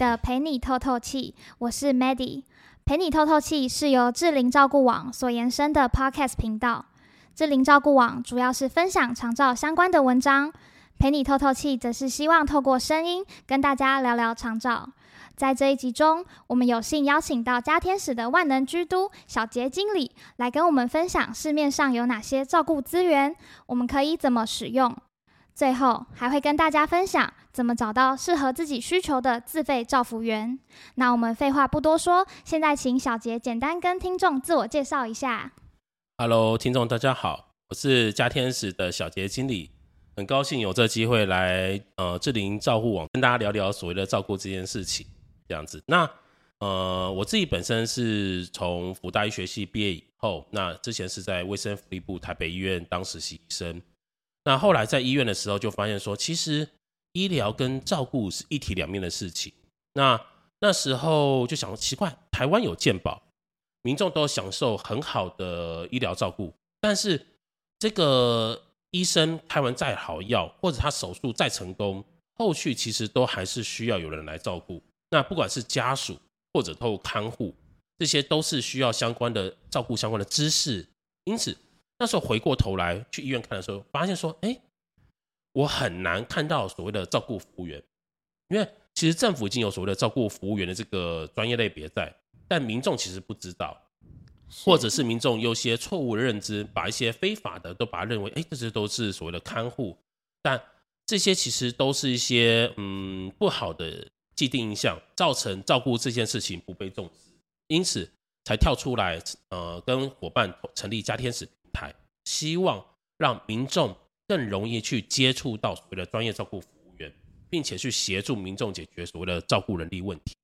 的陪你透透氣，我是 Maddy。陪你透透氣是由智齡照顧網所延伸的 Podcast 頻道。智齡照顧網主要是分享長照相關的文章，陪你透透氣則是希望透過聲音跟大家聊聊長照。在這一集中，我們有幸邀請到家天使的萬能居都小杰經理來跟我們分享市面上有哪些照顧資源，我們可以怎麼使用。最後還會跟大家分享怎麼找到適合自己需求的自費照服員。那我們廢話不多說，現在請小杰簡單跟聽眾自我介紹一下。Hello，聽眾大家好，我是家天使的小杰經理，很高興有這機會來呃智齡照護網跟大家聊聊所謂的照顧這件事情。這樣子，那呃我自己本身是從輔大醫學系畢業以後，那之前是在衛生福利部台北醫院當實習醫生。那後來在醫院的時候，就發現說，其實醫療跟照顧是一體兩面的事情。那那時候就想說，奇怪，台灣有健保，民眾都享受很好的醫療照顧，但是這個醫生開完再好藥，或者他手術再成功，後續其實都還是需要有人來照顧。那不管是家屬或者透過看護，這些都是需要相關的照顧相關的知識，因此，那時候回過頭來去醫院看的時候，發現說：“哎、欸，我很難看到所謂的照顧服務員，因為其實政府已經有所謂的照顧服務員的這個專業類別在，但民眾其實不知道，或者是民眾有些錯誤的認知，把一些非法的都把它認為，哎、欸，這些都是所謂的看護，但這些其實都是一些嗯不好的既定印象，造成照顧這件事情不被重視，因此才跳出來，呃，跟夥伴成立家天使。”台希望讓民眾更容易去接觸到所謂的專業照顧服務員，並且去協助民眾解決所謂的照顧人力問題。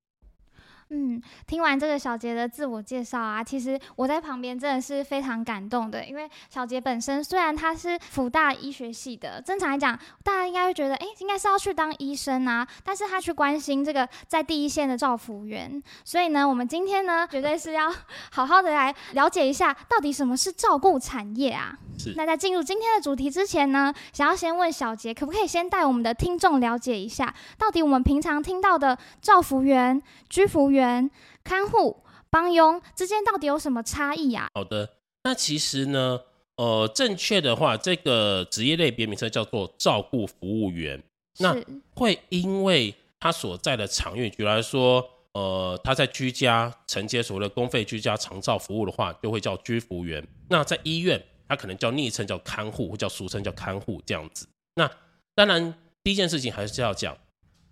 嗯，聽完這個小杰的自我介紹啊，其實我在旁邊真的是非常感動的，因為小杰本身雖然他是輔大醫學系的，正常來講，大家應該會覺得，哎、欸，應該是要去當醫生啊，但是他去關心這個在第一線的照服員，所以呢，我們今天呢，絕對是要好好的來了解一下，到底什麼是照顧產業啊？是。那在進入今天的主題之前呢，想要先問小杰，可不可以先帶我們的聽眾了解一下，到底我們平常聽到的照服員、居服員。員、看護、幫傭之間到底有什麼差異呀、啊？好的，那其實呢，呃，正確的話，這個職業類別名稱叫做照顧服務員是。那會因為他所在的場域，舉例來說，呃，他在居家承接所謂的公費居家長照服務的話，就會叫居服務員。那在醫院，他可能叫昵稱叫看護，或叫俗稱叫看護這樣子。那當然，第一件事情還是要講，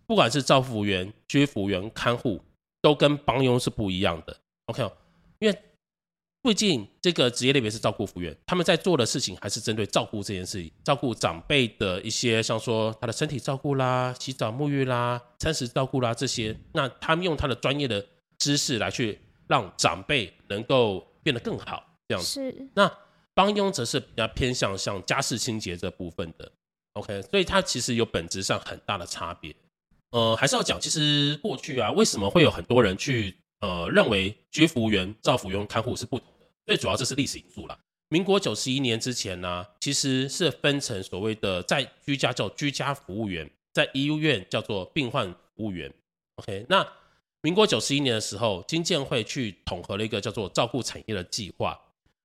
不管是照服務員、居服務員、看護。都跟幫傭是不一樣的，OK，因為畢竟這個職業類別是照顧服務員，他們在做的事情還是針對照顧這件事情，照顧長輩的一些，像說他的身體照顧啦、洗澡沐浴啦、餐食照顧啦這些，那他們用他的專業的知識來去讓長輩能夠變得更好，這樣子。是，那幫傭則是比較偏向像家事清潔這部分的，OK，所以它其實有本質上很大的差別。呃，還是要講，其實過去啊，為什麼會有很多人去呃認為居服務員、照服員、看護是不同的？最主要這是歷史因素啦。民國九十一年之前呢，啊，其實是分成所謂的在居家叫居家服務員，在醫院叫做病患服務員。OK，那民國九十一年的時候，經建會去統合了一個叫做照顧產業的計劃，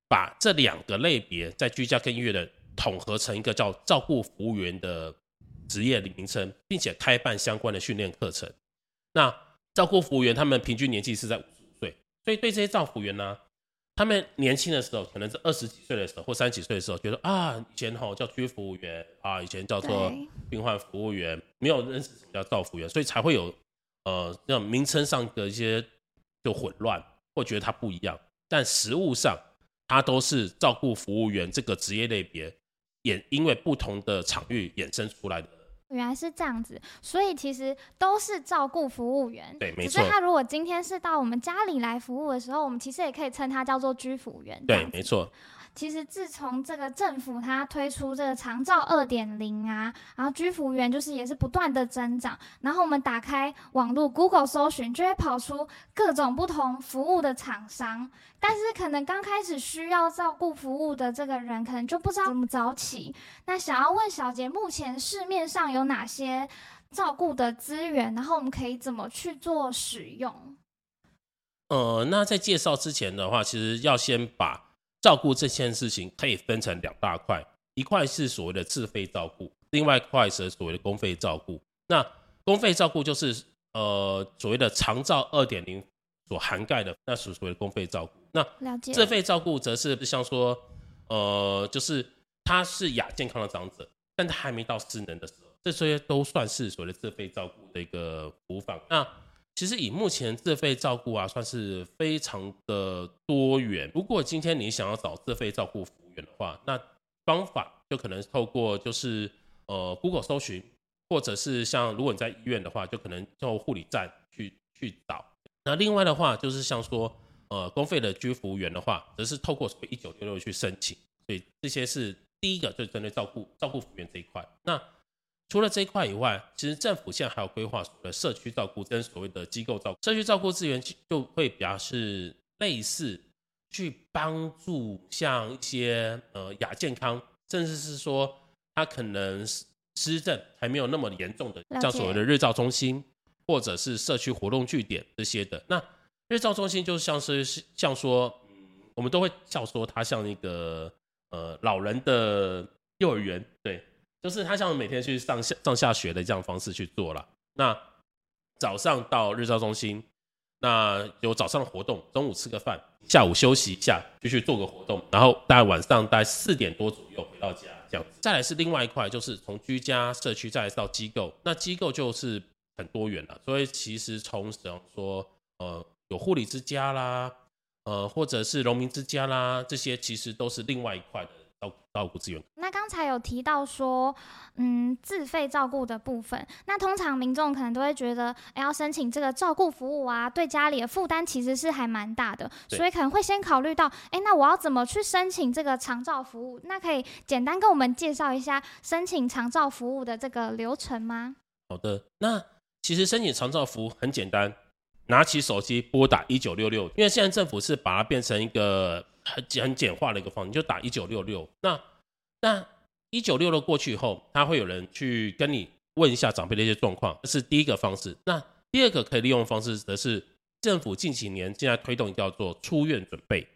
把這兩個類別在居家跟醫院的統合成一個叫照顧服務員的職業名稱，並且開辦相關的訓練課程。那照顧服務員，他們平均年紀是在五十五歲，所以對這些照服員呢、啊，他們年輕的時候可能是二十幾歲的時候，或三十幾歲的時候，覺得啊，以前吼、哦、叫居服務員啊，以前叫做病患服務員，沒有認識什麼叫照服員，所以才會有呃，這樣名稱上的一些就混亂，或覺得他不一樣。但實務上，它都是照顧服務員這個職業類別，也因為不同的場域衍生出來的。原來是這樣子，所以其實都是照顧服務員。對，沒錯。只是他如果今天是到我們家裡來服務的時候，我們其實也可以稱他叫做居服員。對，沒錯。其實自從這個政府它推出這個長照二點零啊，然後居服員就是也是不斷的增長。然後我們打開網絡 Google 搜尋，就會跑出各種不同服務的廠商。但是可能剛開始需要照顧服務的這個人，可能就不知道怎麼找起。那想要問小杰，目前市面上有哪些照顧的資源？然後我們可以怎麼去做使用？呃，那在介紹之前的話，其實要先把。照顧這件事情可以分成兩大塊，一塊是所謂的自費照顧，另外一塊是所謂的公費照顧。那公費照顧就是呃所謂的長照二點零所涵蓋的，那是所謂的公費照顧。那自費照顧則是比方說呃，就是他是亞健康的長者，但他還沒到失能的時候，這些都算是所謂的自費照顧的一個補訪。那其實以目前自費照顧啊，算是非常的多元。如果今天你想要找自費照顧服務員的話，那方法就可能透過就是呃 Google 搜尋，或者是像如果你在醫院的話，就可能就護理站去去找。那另外的話就是像說呃公費的居服務員的話，則是透過什麼一九六六去申請。所以這些是第一個，就是針對照顧照顧服務員這一塊。那除了這一塊以外，其實政府現在還有規劃所謂的社區照顧，跟所謂的機構照顧。社區照顧資源就會比較是類似去幫助像一些呃亞健康，甚至是說他可能失智症還沒有那麼嚴重的，像所謂的日照中心，或者是社區活動據點這些的。那日照中心就像是像說，我們都會叫說它像一，那個呃老人的幼兒園，對。就是他像每天去上下上下學的這樣的方式去做了。那早上到日照中心，那有早上的活動，中午吃個飯，下午休息一下，就去做個活動，然後大概晚上大概四點多左右回到家這樣子。再來是另外一塊，就是從居家社區再來到機構，那機構就是很多元了，所以其實從什麼說，呃，有護理之家啦，呃，或者是農民之家啦，這些其實都是另外一塊的。照照顧資源。那剛才有提到說，嗯，自費照顧的部分，那通常民眾可能都會覺得，哎、欸，要申請這個照顧服務啊，對家裡的負擔其實是還蠻大的，所以可能會先考慮到，哎、欸，那我要怎麼去申請這個長照服務？那可以簡單跟我們介紹一下申請長照服務的這個流程嗎？好的，那其實申請長照服務很簡單，拿起手機撥打一九六六，因為現在政府是把它變成一個。很很簡化的一個方式，你就打一九六六。那那一九六六過去以後，他會有人去跟你問一下長輩的一些狀況，這是第一個方式。那第二個可以利用的方式，則是政府近幾年正在推動，叫做出院準備。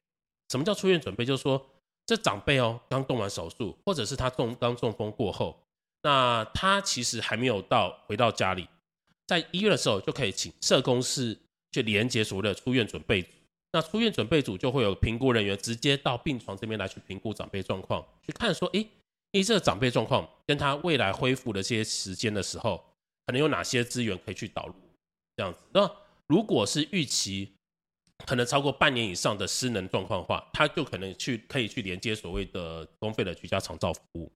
什麼叫出院準備？就是說這長輩哦，剛動完手術，或者是他中剛中風過後，那他其實還沒有到回到家裡，在醫院的時候就可以請社工師去連接，所謂的出院準備。那出院準備組就會有評估人員直接到病床這邊來去評估長輩狀況，去看說，誒、欸，誒，這個長輩狀況跟他未來恢復的這些時間的時候，可能有哪些資源可以去導入，這樣子。那如果是預期可能超過半年以上的失能狀況的話，他就可能去可以去連接所謂的公費的居家長照服務。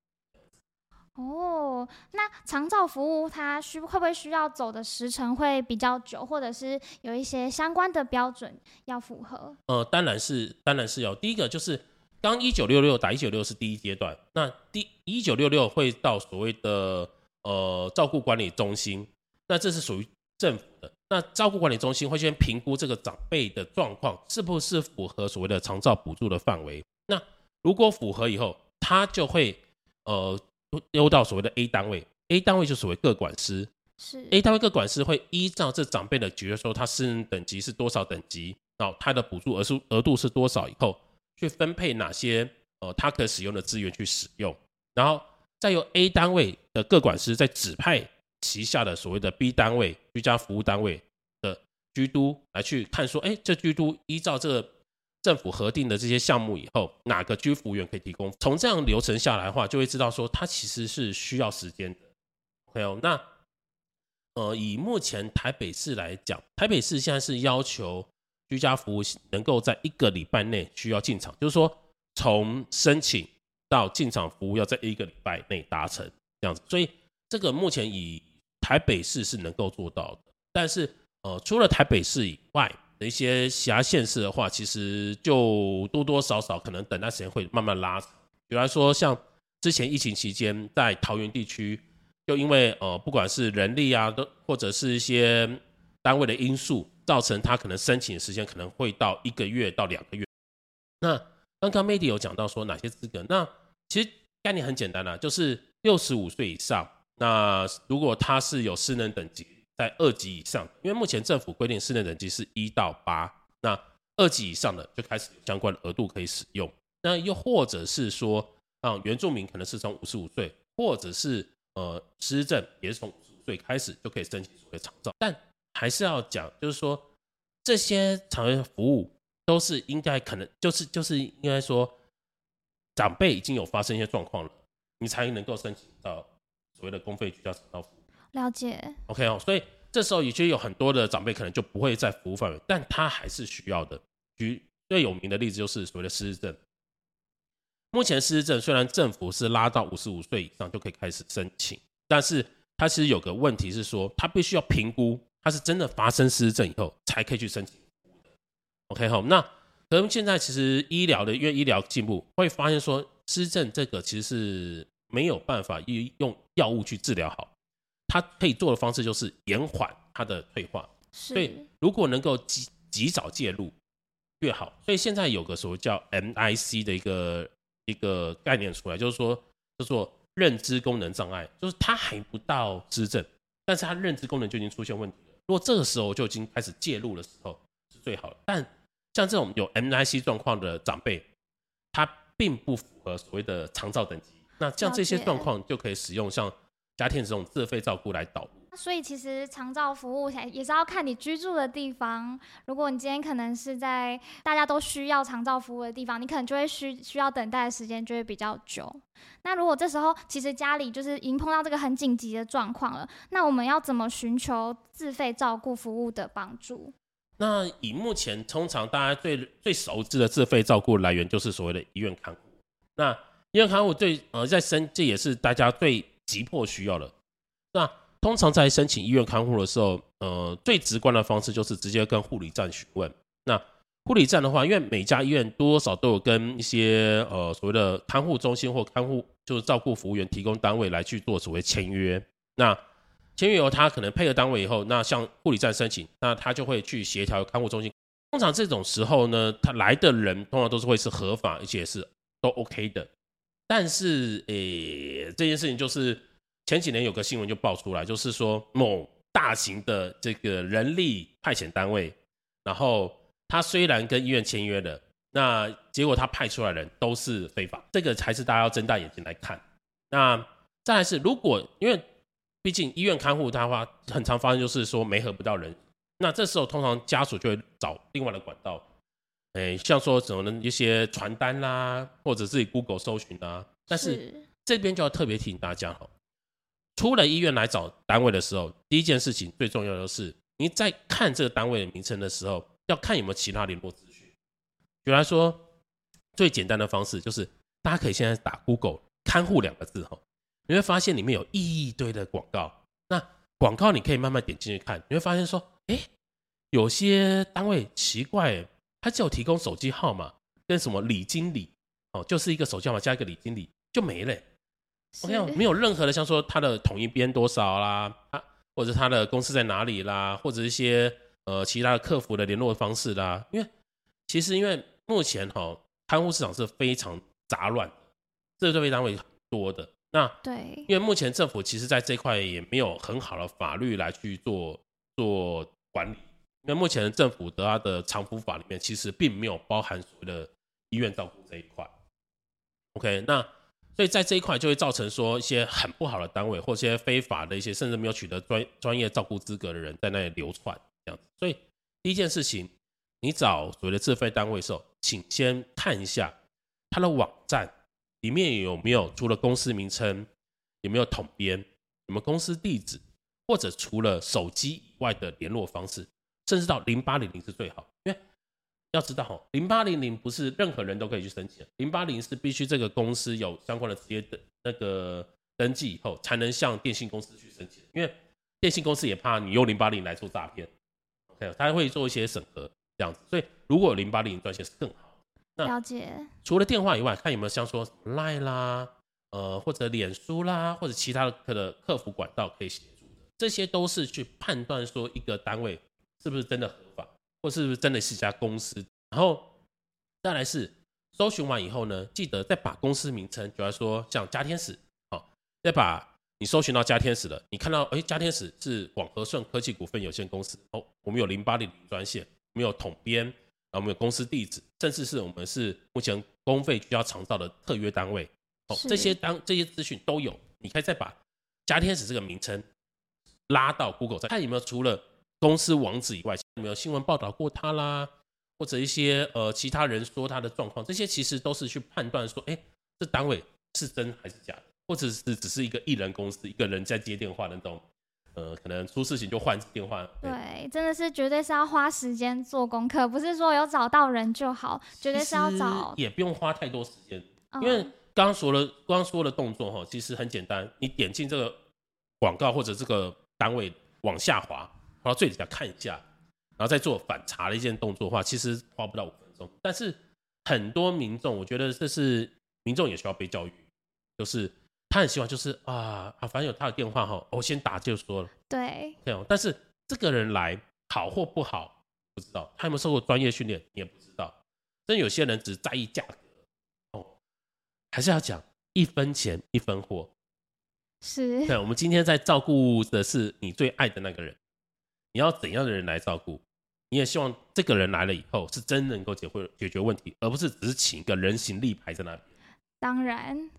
哦，那長照服務它需會不會需要走的時程會比較久，或者是有一些相關的標準要符合？呃，當然是，當然是有。第一個就是剛一九六六，打一九六六是第一階段，那第一九六六會到所謂的呃照顧管理中心，那這是屬於政府的。那照顧管理中心會先評估這個長輩的狀況是不是符合所謂的長照補助的範圍。那如果符合以後，它就會呃。丟到所謂的 A 單位，A 單位就所謂個管師，是 A 單位個管師會依照這長輩的，比如說他失能等級是多少等級，然後他的補助額數額度是多少，以後去分配哪些呃他可使用的資源去使用，然後再由 A 單位的個管師在指派旗下的所謂的 B 單位居家服務單位的居督來去看說，哎，這居督依照這個。政府核定的這些項目以後，哪個居服務員可以提供？從這樣流程下來的話，就會知道說它其實是需要時間的。OK，還有、哦、那呃，以目前台北市來講，台北市現在是要求居家服務能夠在一個禮拜內需要進場，就是說從申請到進場服務要在一個禮拜內達成這樣子。所以這個目前以台北市是能夠做到的，但是呃，除了台北市以外，的一些轄縣市的話，其實就多多少少可能等待時間會慢慢拉。比方說，像之前疫情期間在桃園地區，就因為呃不管是人力啊，都或者是一些單位的因素，造成他可能申請的時間可能會到一個月到兩個月。那剛剛 Mandy 有講到說哪些資格？那其實概念很簡單的、啊，就是六十五歲以上。那如果他是有失能等級。在二級以上，因為目前政府規定失能等級是一到八，那二級以上的就開始有相關的額度可以使用。那又或者是說，啊、呃、原住民可能是從五十五歲，或者是呃，失智也是從五十五歲開始就可以申請所謂的長照。但還是要講，就是說，這些長照服務都是應該可能就是就是應該說，長輩已經有發生一些狀況了，你才能夠申請到所謂的公費居家長照服務。了解，OK 哦，所以這時候已經有很多的長輩可能就不會在服務範圍，但他還是需要的。舉最有名的例子就是所謂的失智症。目前失智症雖然政府是拉到五十五歲以上就可以開始申請，但是他其實有個問題是說，他必須要評估，它是真的發生失智症以後才可以去申請。OK 那可能現在其實醫療的，因為醫療進步，會發現說失智症這個其實是沒有辦法用藥物去治療好。它可以做的方式就是延緩它的退化，所以如果能夠及及早介入，越好。所以現在有個所謂叫 M I C 的一個一個概念出來，就是說叫做認知功能障礙，就是他還不到癡症，但是他認知功能就已經出現問題了。如果這個時候就已經開始介入的時候，是最好的。但像這種有 M I C 狀況的長輩，他並不符合所謂的長照等級，那像這些狀況就可以使用像。家庭這種自費照顧來導，所以其實長照服務也是要看你居住的地方。如果你今天可能是在大家都需要長照服務的地方，你可能就會需需要等待的時間就會比較久。那如果這時候其實家裡就是已經碰到這個很緊急的狀況了，那我們要怎麼尋求自費照顧服務的幫助？那以目前通常大家最最熟知的自費照顧來源就是所謂的醫院看護。那醫院看護對呃在生這也是大家最急迫需要了，那通常在申請醫院看護的時候，呃，最直觀的方式就是直接跟護理站詢問。那護理站的話，因為每家醫院多少都有跟一些呃所謂的看護中心或看護就是照顧服務員提供單位來去做所謂簽約。那簽約由他可能配合單位以後，那向護理站申請，那他就會去協調看護中心。通常這種時候呢，他來的人通常都是會是合法，而且是都 OK 的。但是，誒、欸，這件事情就是前幾年有個新聞就爆出來，就是說某大型的這個人力派遣單位，然後他雖然跟醫院簽約了，那結果他派出來的人都是非法，這個才是大家要睜大眼睛來看。那再來是，如果因為畢竟醫院看護的話，很常發生就是說媒合不到人，那這時候通常家屬就會找另外的管道。哎，像說什麼一些傳單啦、啊，或者自己 Google 搜尋啦、啊，但是，是這邊就要特別提醒大家哦。出了醫院來找單位的時候，第一件事情最重要的是，你在看這個單位的名稱的時候，要看有沒有其他聯絡資訊。原來說，最簡單的方式就是，大家可以現在打 Google“ 看護”兩個字哈、哦，你會發現裡面有一堆的廣告，那廣告你可以慢慢點進去看，你會發現說，哎，有些單位奇怪。他就提供手機號碼跟什麼李經理哦，就是一個手機號碼加一個李經理就沒了，欸，我、okay, 樣沒有任何的像說他的統一編多少啦，啊，或者他的公司在哪裡啦，或者一些呃其他的客服的聯絡方式啦。因為其實因為目前哈、哦、看護市場是非常雜亂，這個單位很多的。那對，因為目前政府其實在這塊也沒有很好的法律來去做做管理。那目前政府得到的長服法裡面其實並沒有包含所謂的醫院照顧這一塊。OK，那所以在這一塊就會造成說一些很不好的單位或一些非法的一些甚至沒有取得專專業照顧資格的人在那裡流竄這樣子。所以第一件事情，你找所謂的自費單位的時候，請先看一下他的網站裡面有沒有除了公司名稱，有沒有統編、什麼公司地址，或者除了手機以外的聯絡方式。甚至到零八零零是最好的，因為要知道哦，零八零零不是任何人都可以去申請，零八零是必須這個公司有相關的職業的那個登記以後，才能向電信公司去申請。因為電信公司也怕你用零八零來做詐騙，OK，他會做一些審核這樣子。所以如果有零八零零專線是更好。了解。那除了電話以外，看有沒有像說 Line 啦，呃或者臉書啦，或者其他的客的客服管道可以協助的，這些都是去判斷說一個單位。是不是真的合法，或是不是真的是一家公司？然後再來是搜尋完以後呢，記得再把公司名稱，比如說像“家天使”啊、哦，再把你搜尋到“家天使”了，你看到哎，“家天使”是廣和順科技股份有限公司哦。我們有0800專線，我們有統編，然後我們有公司地址，甚至是我們是目前公費居家長照的特約單位哦。這些當這些資訊都有，你可以再把“家天使”這個名稱拉到 Google 上，看有沒有除了。公司網址以外，有沒有新聞報道過他啦，或者一些呃其他人說他的狀況，這些其實都是去判斷說，哎、欸，這單位是真還是假，或者是只是一個藝人公司，一個人在接電話的那種，呃，可能出事情就換電話，欸。對，真的是絕對是要花時間做功課，不是說有找到人就好，絕對是要找。也不用花太多時間，嗯，因為剛說了，剛說的動作哈，其實很簡單，你點進這個廣告或者這個單位，往下滑。跑到最底下看一下，然後再做反查的一件動作的話，其實花不到五分鐘。但是很多民眾，我覺得這是民眾也需要被教育，就是他很希望就是啊，啊，反正有他的電話哈，哦，我先打就說了。對，對，哦。但是這個人來好或不好不知道，他有沒有受過專業訓練你也不知道。但有些人只在意價格哦，還是要講一分錢一分貨。是對，我們今天在照顧的是你最愛的那個人。你要怎樣的人來照顧？你也希望這個人來了以後是真能夠解會解決問題，而不是只是請一個人形立牌在那裡。當然。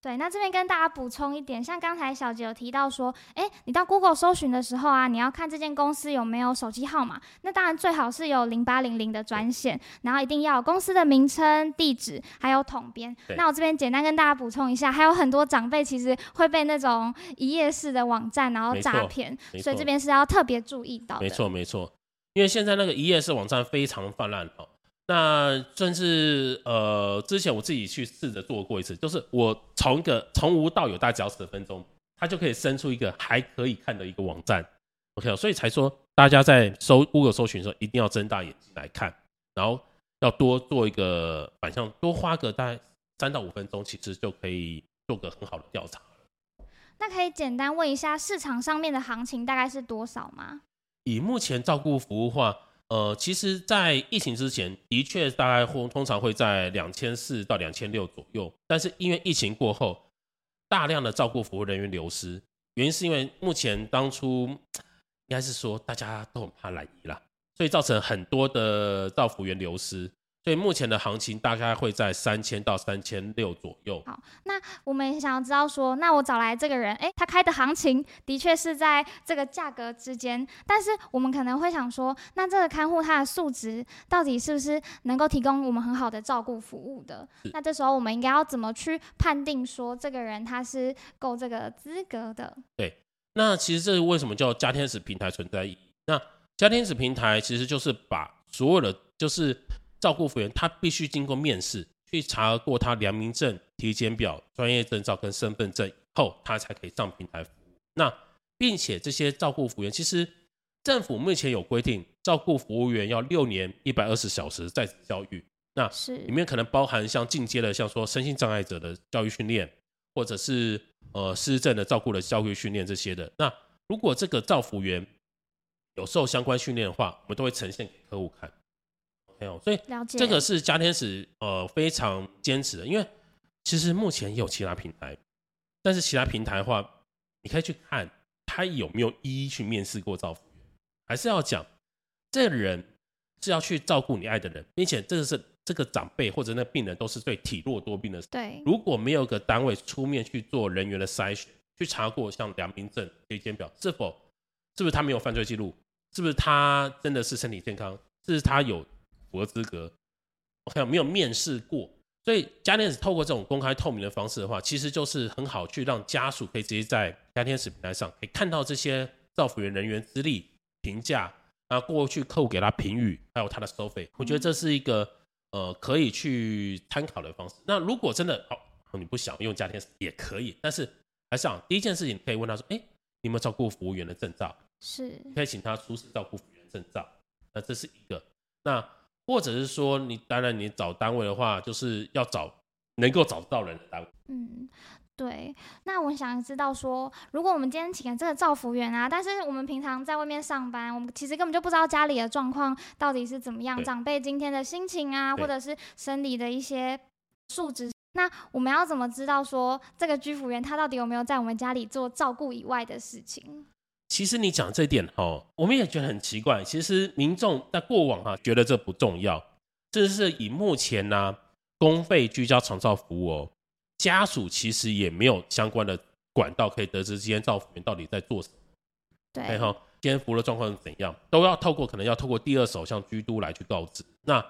對，那這邊跟大家補充一點，像剛才小傑有提到說，哎、欸，你到 Google 搜尋的時候啊，你要看這間公司有沒有手機號碼，那當然最好是有0800的專線，然後一定要有公司的名稱、地址，還有統編。那我這邊簡單跟大家補充一下，還有很多長輩其實會被那種一頁式的網站然後詐騙，所以這邊是要特別注意到的。沒錯沒錯，因為現在那個一頁式網站非常氾濫啊。那甚至呃，之前我自己去試着做過一次，就是我從一個從無到有，大概只要十分鐘，它就可以生出一個還可以看的一個網站。OK，所以才說大家在搜 Google 搜尋的時候，一定要睜大眼睛來看，然後要多做一個反向，多花個大概三到五分鐘，其實就可以做個很好的調查。那可以簡單問一下市場上面的行情大概是多少嗎？以目前照顧服務的話。呃，其實，在疫情之前，的確大概通通常會在兩千四到兩千六左右。但是因為疫情過後，大量的照顧服務人員流失，原因是因為目前當初應該是說大家都很怕染疫了，所以造成很多的照服員流失。所以目前的行情大概會在三千到三千六左右。好，那我們也想要知道說，那我找來這個人，誒、欸，他開的行情的確是在這個價格之間，但是我們可能會想說，那這個看護他的素質到底是不是能夠提供我們很好的照顧服務的？是。那這時候我們應該要怎麼去判定說這個人他是夠這個資格的？對。那其實這是為什麼叫家天使平台存在意義？那家天使平台其實就是把所有的就是。照顧服務員，他必須經過面試，去查過他良民證、體檢表、專業證照跟身份證以後，他才可以上平台服務。那並且這些照顧服務員，其實政府目前有規定，照顧服務員要六年一百二十小時在職教育。那裡面可能包含像進階的，像說身心障礙者的教育訓練，或者是呃失智的照顧的教育訓練這些的。那如果這個照服員有受相關訓練的話，我們都會呈現給客戶看。沒有，所以這個是家天使呃非常堅持的，因為其實目前也有其他平台，但是其他平台的話，你可以去看他有沒有一一去面試過照顧員。還是要講，這個人是要去照顧你愛的人，並且這個是這個長輩或者那個病人都是對體弱多病的。對，如果沒有個單位出面去做人員的篩選，去查過像良民證、體檢表是否是不是他沒有犯罪記錄，是不是他真的是身體健康，是他有。我符合資格 o 有沒有面試過，所以家天使透過這種公開透明的方式的話，其實就是很好去讓家屬可以直接在家天使平台上可以看到這些照服員人員資歷、評價啊，然後過去客戶給他評語，還有他的收費，我覺得這是一個呃可以去參考的方式。那如果真的哦，你不想用家天使也可以，但是還是想、啊，第一件事情，可以問他說：哎、欸，你有沒有照顧服務員的證照？是，你可以請他出示照顧員的證照。那這是一個，那。或者是說你，你當然你找單位的話，就是要找能夠找到人的單位。嗯，對。那我想知道說，如果我們今天請這個照服員啊，但是我們平常在外面上班，我們其實根本就不知道家裡的狀況到底是怎麼樣，長輩今天的心情啊，或者是生理的一些數值，那我們要怎麼知道說這個居服員他到底有沒有在我們家裡做照顧以外的事情？其實你講這點哦，我們也覺得很奇怪。其實民眾在過往啊，覺得這不重要。這是以目前呢、啊，公費居家長照服務哦，家屬其實也沒有相關的管道可以得知今天照服員到底在做什麼，對哈、哎哦，今天服務的狀況是怎樣，都要透過可能要透過第二手，像居都來去告知。那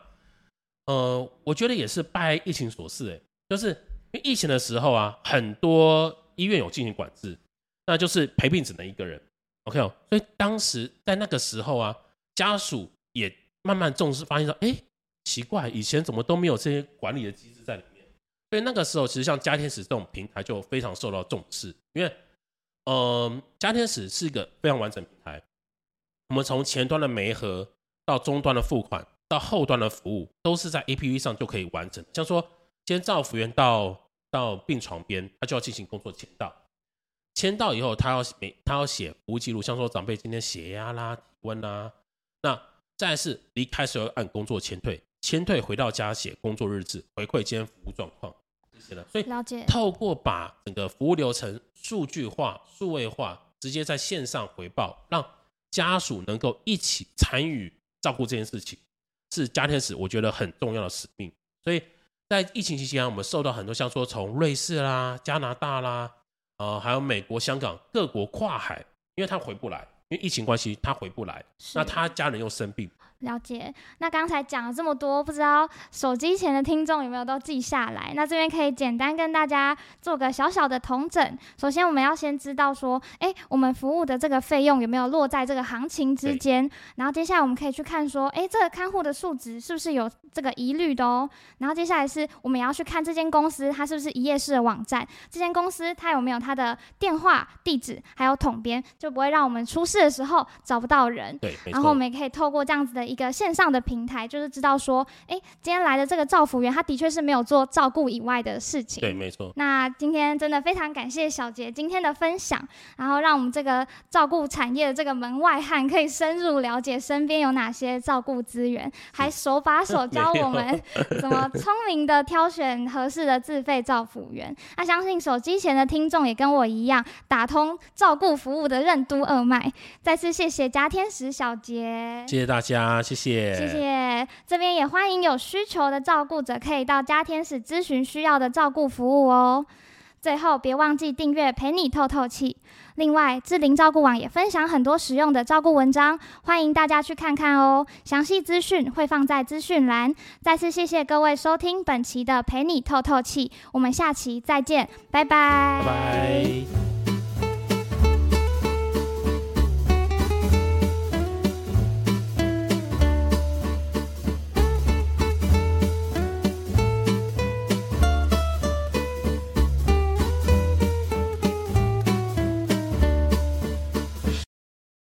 呃，我覺得也是拜疫情所賜，誒，就是因為疫情的時候啊，很多醫院有進行管制，那就是陪病只能一個人。OK，所以當時在那個時候啊，家屬也慢慢重視，發現到，誒，奇怪，以前怎麼都沒有這些管理的機制在裡面？所以那個時候，其實像家天使這種平台就非常受到重視，因為，嗯、呃，家天使是一個非常完整平台，我們從前端的媒合到中端的付款，到後端的服務，都是在 APP 上就可以完成。像說，先照服員到到病床邊，他就要進行工作簽到。簽到以後，他要每他要寫服務記錄，像說長輩今天血壓啦、體溫啦，那再是離開時候按工作簽退，簽退回到家寫工作日誌，回饋今天服務狀況。是的，所以透過把整個服務流程數據化、數位化，直接在線上回報，讓家屬能夠一起參與照顧這件事情，是家天使我覺得很重要的使命。所以在疫情期間我們受到很多像說從瑞士啦、加拿大啦。啊、呃，還有美國、香港各國跨海，因為他回不來，因為疫情關係，他回不來，那他家人又生病。了解，那剛才講了這麼多，不知道手機前的聽眾有沒有都記下來？那這邊可以簡單跟大家做個小小的統整。首先，我們要先知道說，哎、欸，我們服務的這個費用有沒有落在這個行情之間？然後接下來我們可以去看說，哎、欸，這個看護的數值是不是有這個疑慮的哦、喔？然後接下來是我們也要去看這間公司，它是不是一頁式的網站？這間公司它有沒有它的電話、地址還有統編，就不會讓我們出事的時候找不到人。對，沒錯。然後我們也可以透過這樣子的。一個線上的平台，就是知道說，哎，今天來的這個照服員，他的確是沒有做照顧以外的事情。對，沒錯。那今天真的非常感謝小杰今天的分享，然後讓我們這個照顧產業的這個門外漢，可以深入了解身邊有哪些照顧資源，還手把手教我們怎麼聰明的挑選合適的自費照服員。那、 啊、相信手機前的聽眾也跟我一樣，打通照顧服務的任督二脈。再次謝謝家天使小杰，謝謝大家。謝謝，謝謝。這邊也歡迎有需求的照顧者可以到家天使諮詢需要的照顧服務哦。最後，別忘記訂閱《陪你透透氣》。另外，智齡照顧網也分享很多實用的照顧文章，歡迎大家去看看哦。詳細資訊會放在資訊欄。再次謝謝各位收聽本期的《陪你透透氣》，我們下期再見，拜拜。拜拜。